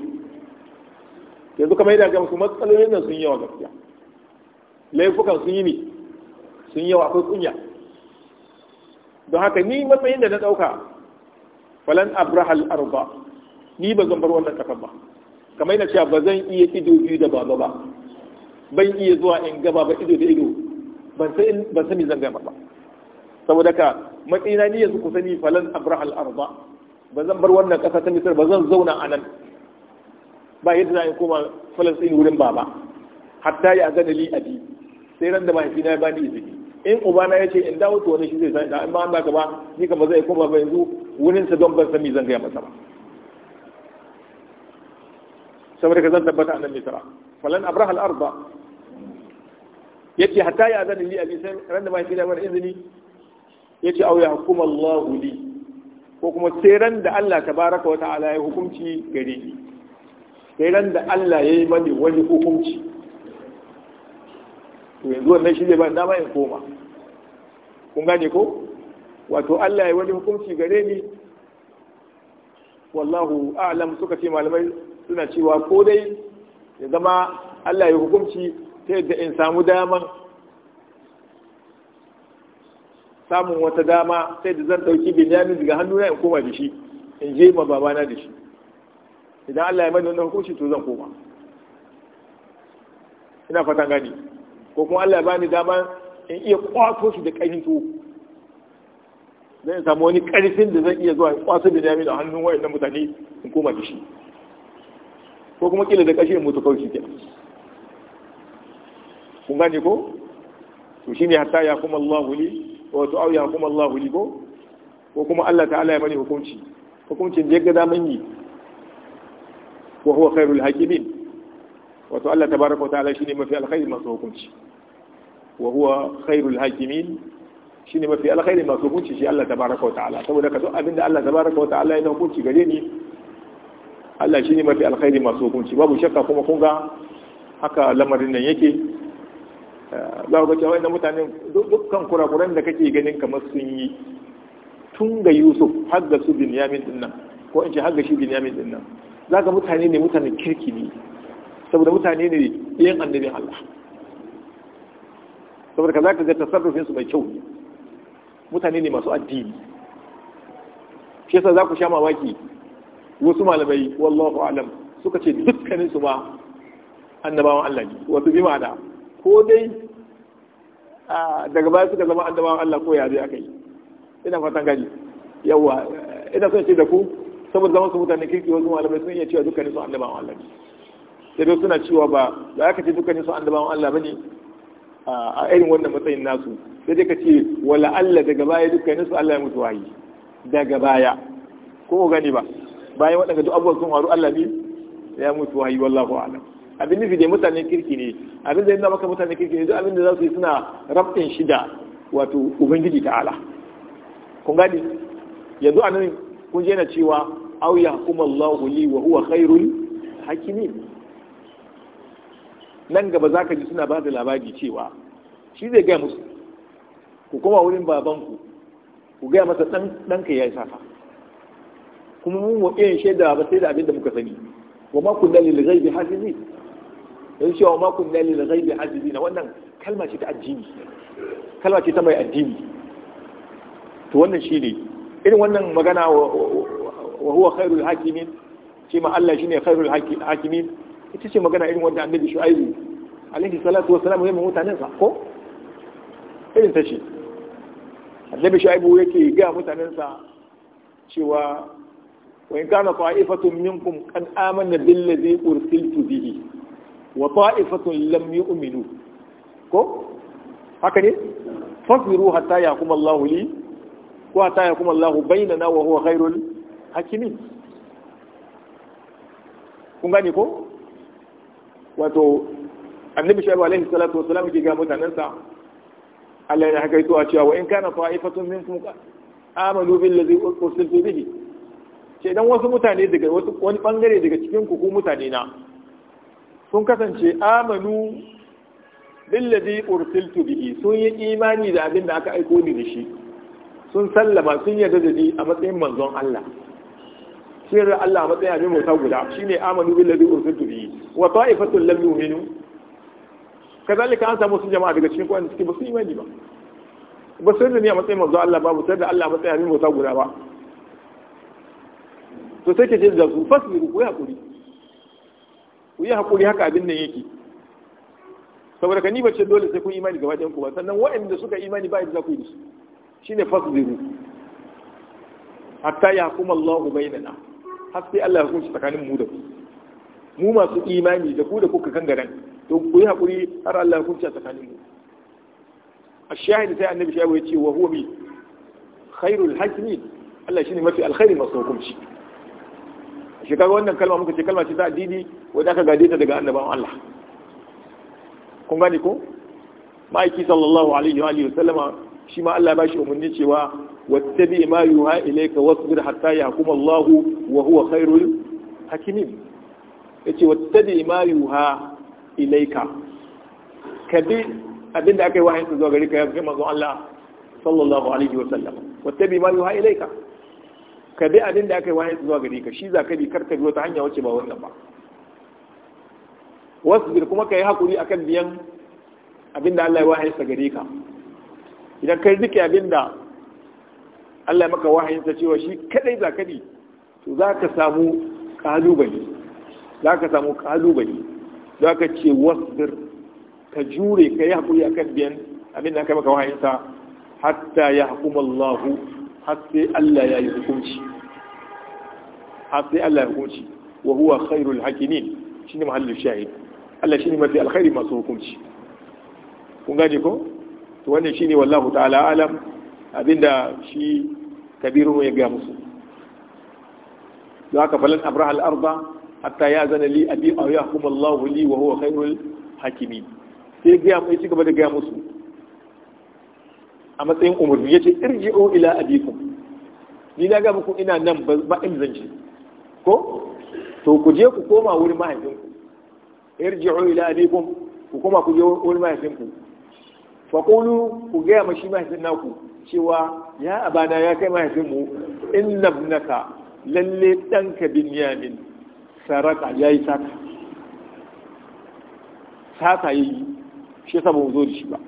yanzu kamar yadda ga musu matsalolin nan sun yawa gaskiya laifukan sun yi ne sun yawa akwai kunya don haka ni matsayin da na ɗauka falan abrahal arba ni ba zan bar wannan kafa ba kamar yana cewa ba zan iya ido biyu da baba ba ban iya zuwa in gaba ba ido da ido ban san ban sani zan gama ba saboda ka matsayina ni yanzu ku sani falan abrahal arba ba zan bar wannan kasa ta misir ba zan zauna a nan ba yadda za a koma falastin wurin baba hatta ya gana li abi sai ran da mahaifina ya bani izini in ubana ya ce in dawo to wani shi zai sani in ba an baka ba ni kama zai koma ba yanzu wurin sa don ban san me zan gaya masa ba saboda ka zan tabbata annan misra falan abraha al-arba yace hatta ya zan li abi sai ran da ba shi da wani izini yace au ya hukuma Allah li ko kuma sai ran da Allah tabaraka wa ta'ala ya hukunci gare ni sai ran da Allah ya yi mani wani hukunci yanzu wannan shi zai ba dama in koma kun gane ko wato Allah ya wani hukunci gare ni wallahu a'lam suka ce malamai suna cewa ko dai ya zama Allah ya hukunci ta yadda in samu daman samun wata dama sai da zan ɗauki binyamin daga hannuna in koma da shi in je ma babana da shi idan Allah ya mani wannan hukunci to zan koma ina fatan gani ko kuma Allah ya bani dama in iya kwaso shi da ƙarfi to zan in samu wani ƙarfin da zan iya zuwa kwaso da jami'a da hannun nan mutane in koma da shi ko kuma kila da ƙashi in mutu kawai shi kun gane ko to shine hatta ya kuma Allahu li wato au ya kuma Allahu li ko ko kuma Allah ta'ala ya bani hukunci hukuncin da ya ga daman yi wa huwa khairul hakimin wato Allah tabaraka wa ta'ala shine mafi alkhairi masu hukunci wa huwa khairul hakimin shine mafi alkhairi masu hukunci shi Allah tabaraka wa ta'ala saboda kaso abinda Allah tabaraka wa ta'ala ya hukunci gare ni Allah shine mafi alkhairi masu hukunci babu shakka kuma kun ga haka lamarin nan yake za ku ga cewa wannan mutanen dukkan kurakuran da kake ganin kamar sun yi tun ga Yusuf har ga su Binyamin din nan ko in ce har ga shi Binyamin din nan zaka mutane ne mutanen kirki ne saboda mutane ne yan annabi Allah saboda ka za ka ga tasarrufin mai kyau ne mutane ne masu addini shi yasa za ku sha mamaki wasu malamai wallahu alam suka ce dukkanin su ma annabawan Allah ne wasu bi ma'ana ko dai daga baya suka zama annabawan Allah ko ya zai aka yi ina fatan gani yawa ina son ce da ku saboda zama su mutane kirki wasu malamai sun iya cewa dukkanin su annabawan Allah ne sai dai suna cewa ba da aka ce dukkanin su annabawan Allah bane a irin wannan matsayin nasu sai dai ka ce wala Allah daga baya dukkanin su Allah ya mutu wayi daga baya ko gani ba bayan waɗanda duk abubuwan sun faru Allah ne ya mutu wayi wallahu a'lam abin nufi dai mutanen kirki ne abin da yana maka mutanen kirki ne duk abin da za su yi suna rabtin shida wato ubangiji ta'ala kun gani yanzu anan kun je cewa auya kuma Allahu li wa huwa khairul hakimin nan gaba za ka ji suna ba da labari cewa shi zai gaya musu ku koma wurin babanku ku gaya masa ɗanka ya yi safa kuma mun wa iyan shaida ba sai da abin da muka sani wa ma kunna lil ghaibi hafizi dan cewa ma kunna lil ghaibi hafizi na wannan kalma ce ta addini kalma ce ta mai addini to wannan shi ne irin wannan magana wa huwa khairul hakimin shi ma Allah shine khairul hakimin ita ce magana irin wanda annabi shu'aibu alaihi salatu wassalam ya mutanen sa ko irin ta ce annabi shu'aibu yake ga mutanen sa cewa wa in kana ta'ifatun minkum qad amanna billazi ursiltu bihi wa ta'ifatun lam yu'minu ko haka ne fasiru hatta yakum Allahu li ko hatta yakum Allahu bainana wa huwa khairul hakimin kun gane ko wato annabi shaibu alaihi salatu wa salam ke ga mutanensa Allah ya hakaito a cewa wa in kana fa'ifatun kuma amalu bil ladzi ursiltu bihi ce dan wasu mutane daga wasu wani bangare daga cikin ku ku mutane na sun kasance amanu bil ladzi ursiltu bihi sun yi imani da abin da aka aiko ni da shi sun sallama sun yarda da ni a matsayin manzon Allah sirrin Allah a abin bauta guda shine amanu bil ladhi ursiltu bihi wa ta'ifatun lam yu'minu kazalika an samu sun jama'a daga cikin kwan suke ba su imani ba ba sun da ne a matsayin mazu Allah ba ba da Allah a abin bauta guda ba to sai ke ce da su fasbiru kuyi hakuri ku hakuri haka abin nan yake saboda ka ni ba ce dole sai kun imani gaba ɗayan ku ba sannan waɗanda suka imani ba yadda za ku yi da su shine fasbiru hatta yahkum da na. har sai Allah ya kunshi tsakanin mu da ku mu masu imani da ku da kuka gangaren to ku yi hakuri har Allah ya kunshi tsakanin mu a shahidi sai annabi shawo ya ce wa huwa bi khairul hakimi Allah shine mafi alkhairi masu hukunci shi kaga wannan kalma muka ce kalma ce ta addini wanda aka gade ta daga annabawan Allah kun gane ko ma'aiki sallallahu alaihi wa sallama shi ma Allah ya bashi umarni cewa wattabi ma yuha ilayka wasbir hatta yahkum Allah wa huwa khairul hakimin yace wattabi ma yuha ilayka kabi abinda akai wahayin zuwa gari ka ya fi Allah sallallahu alaihi wa sallam wattabi ma yuha ilayka kabi abinda akai wahayin zuwa gari ka shi za ka bi karka bi wata hanya wacce ba wannan ba wasbir kuma kai hakuri akan biyan abinda Allah ya wahayin sa gare ka idan kai rike abin da Allah ya maka wahayinsa cewa shi kadai za ka to za ka samu kalubale za ka samu kalubale za ka ce wasbir ka jure ka yi haƙuri kan biyan abin da aka maka wahayinsa hatta ya hukuma Allahu. har sai Allah ya yi hukunci har sai Allah ya hukunci wa huwa khairul hakimin shine mahallin shahid Allah shine mafi alkhairi masu hukunci kun gaje ko to wannan shine wallahu ta'ala alam abinda shi kabiru ya ga musu da ka falan abraha al arda hatta ya zana li abi aw yahkum Allah li wa huwa khairul hakimi sai ga mai ci gaba da ga musu a matsayin umarni yace irji'u ila abikum ni na ga muku ina nan ba in zance ko to ku je ku koma wurin mahaifinku irji'u ila abikum ku koma ku je wurin mahaifinku faƙulu ku gaya mashi mahaifin naku cewa ya abana ya kai mahaifinmu in naka lalle ɗanka binyamin saraka ya yi saka saka ya yi shi saman zo da shi ba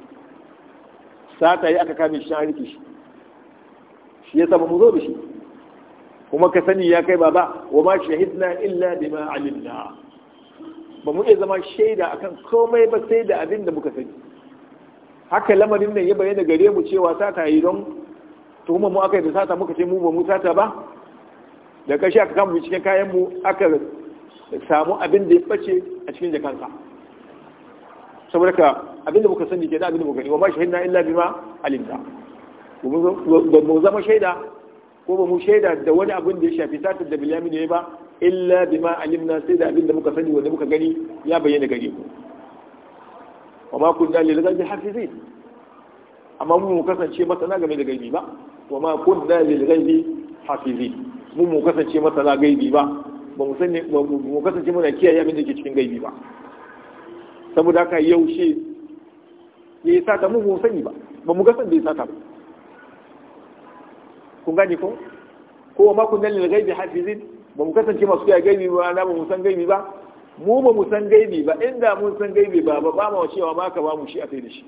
saka ya aka kame shi an rike shi shi ya saman zo da shi kuma ka sani ya kai baba wa ma shahidna illa bima alimna ba mu iya zama shaida akan komai ba sai da abin da muka sani haka lamarin nan ya bayyana gare mu cewa sata yi don tuhuma mu aka yi da sata muka ce mu ba mu sata ba da kashi aka kama cikin kayan mu aka samu abin da ya bace a cikin jakansa saboda ka abin da muka sani ke da abin da muka gani wa ma shahidna illa bima alimta ba mu zama shaida ko ba mu shaida da wani abin da ya shafi satar da bilamin ya ba illa bima alimna sai da abin da muka sani wanda muka gani ya bayyana gare mu wa ma kunna lil ghaibi hafizin amma mu mu kasance masana game da gaibi ba wa ma kunna lil ghaibi hafizin mu mu kasance masana gaibi ba ba mu sani ba mu kasance muna kiyaye abin da ke cikin gaibi ba saboda haka shi ya yi sata mu mu sani ba ba mu kasance da ya sata ba kun gane ko ko wa ma kunna lil ghaibi hafizin ba mu kasance masu kiyaye gaibi ba na ba mu san gaibi ba mu ba mu san gaibi ba inda mun san gaibi ba ba ba mu cewa ma ka ba mu shi a sai da shi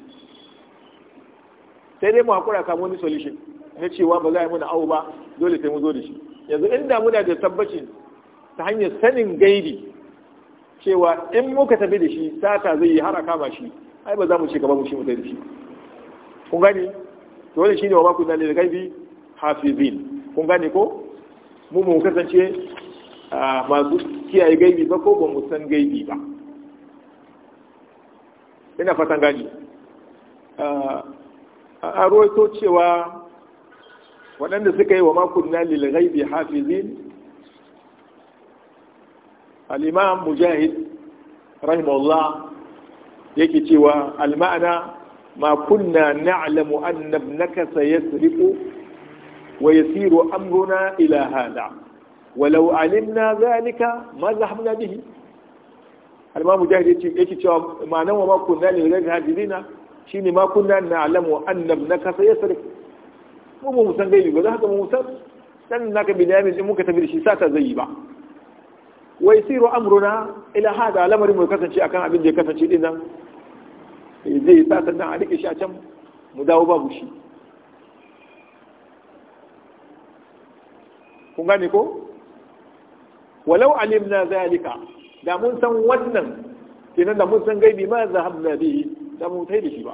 sai dai mu hakura ka wani solution na cewa ba za a yi muna awu ba dole sai mu zo da shi yanzu inda muna da tabbacin ta hanyar sanin gaibi cewa in muka tafi da shi sata zai yi har a kama shi ai ba za mu ce ka ba mu shi mu da shi kun gani to shi shine wa ba ku da gaibi hafizin kun gane ko mu mu kasance masu kiyaye gaibi ba ko ba mu san gaibi ba ina fatan gani a ruwaito cewa waɗanda suka yi wa makunna lilghaibi hafizin al'imam mujahid rahimahullah yake cewa alma'ana makunna kunna na'lamu anna ibnaka sayasriqu wa yasiru amruna ila hada walau alimna zalika ma zahabna bihi alma mujahid yace yake cewa ma'anan wa ma kunna li ghayri hadidina shine ma kunna na'lamu anna ibnaka sayasrif mu mu san gaibi ba za ka mu san san naka bilamin in muka tafi da shi sata zai yi ba Wai yasiru amruna ila haɗa lamarin mu kasance akan abin da ya kasance din nan eh, zai yi sa sannan a rike shi a can mu dawo babu shi kun gane ko walau na zalika da mun san wannan kenan da mun san gaibi ma na bi da mun tai da shi ba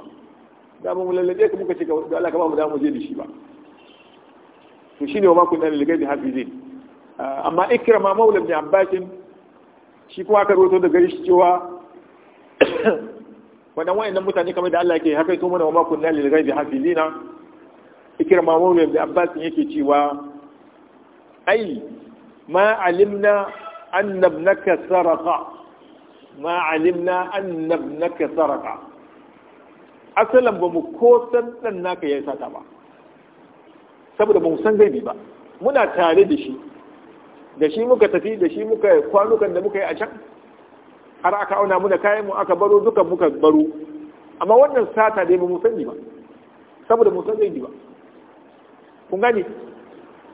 da mun lallabe ka muka ce ga Allah ka ba mu da mu je da shi ba to shine wa ma dan lil gaibi hafizin ah, amma ikrama maula ibn abbas shi kuma aka roto da gari shi cewa [coughs] wannan wayannan mutane kamar da Allah yake haka to mana wa ma kunna lil gaibi hafizina ikrama maula ibn abbas yake cewa ai ma alimna anna ibnaka saraka ma ba mu ko san dan naka yayi sata ba saboda ba mu san gaibi ba muna tare da shi da shi muka tafi da shi muka kwanukan da muka yi a can har aka auna mu da kayan aka baro dukan muka baro amma wannan sata dai ba mu sani ba saboda mu san gaibi ba kun gani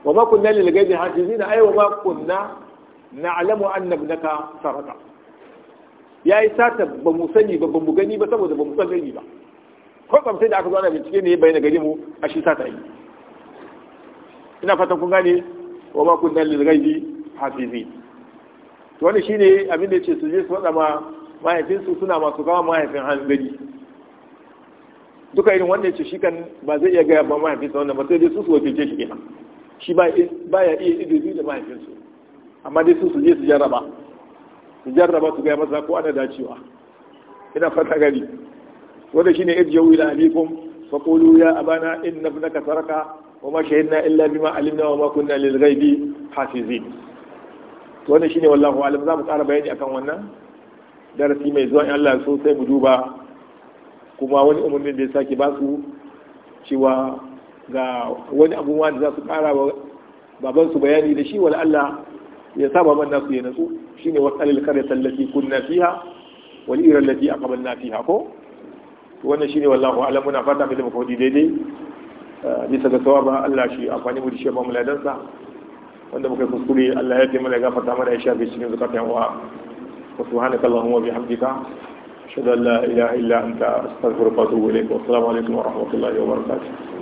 wa كنا kunna حاجزين أي وما كنا نعلم أن ابنك na'lamu يا ibnaka sarqa yayi sata ba mu sani ba mu gani ba saboda ba mu san إنا ba ko وما كنا da aka zo shi bincike ne a shi sata yi ina fatan kun gane wa abin da ce su je su faɗa ma mahaifinsu suna masu kawo mahaifin hannun duka irin wanda ce shi kan ba zai iya gaya ba mahaifinsa wannan ba sai dai su su wakilce shi kenan shi ba ya iya izini da mahaifinsu amma dai sun su su jarraba su jarraba su gaya masa ko ana dacewa ina fata gani ne shine irjiu ila alikun fa ya abana inna ibnaka saraka wa ma na illa bima alimna wa ma kunna lil ghaibi hafizin to wannan shine wallahu alim za mu ƙara bayani akan wannan darasi mai zuwa in Allah so sai mu duba kuma wani umarnin da ya sake ba su cewa ga wani abubuwa da za su kara wa babansu bayani da shi wala Allah ya sa baban nasu ya natsu shine wasalil qaryata allati kunna fiha wal ira allati na fiha ko wannan shine wallahu a'lam muna fata mai da muka daidai eh, bisa ga sawaba Allah shi amfani mu da shi ba mu ladansa wanda muka kuskure Allah ya taimaka gafarta mana ya shafe cikin zakatan wa ashhadu an la ilaha illa anta astaghfiruka wa atubu ilayk wa assalamu والسلام wa rahmatullahi wa barakatuh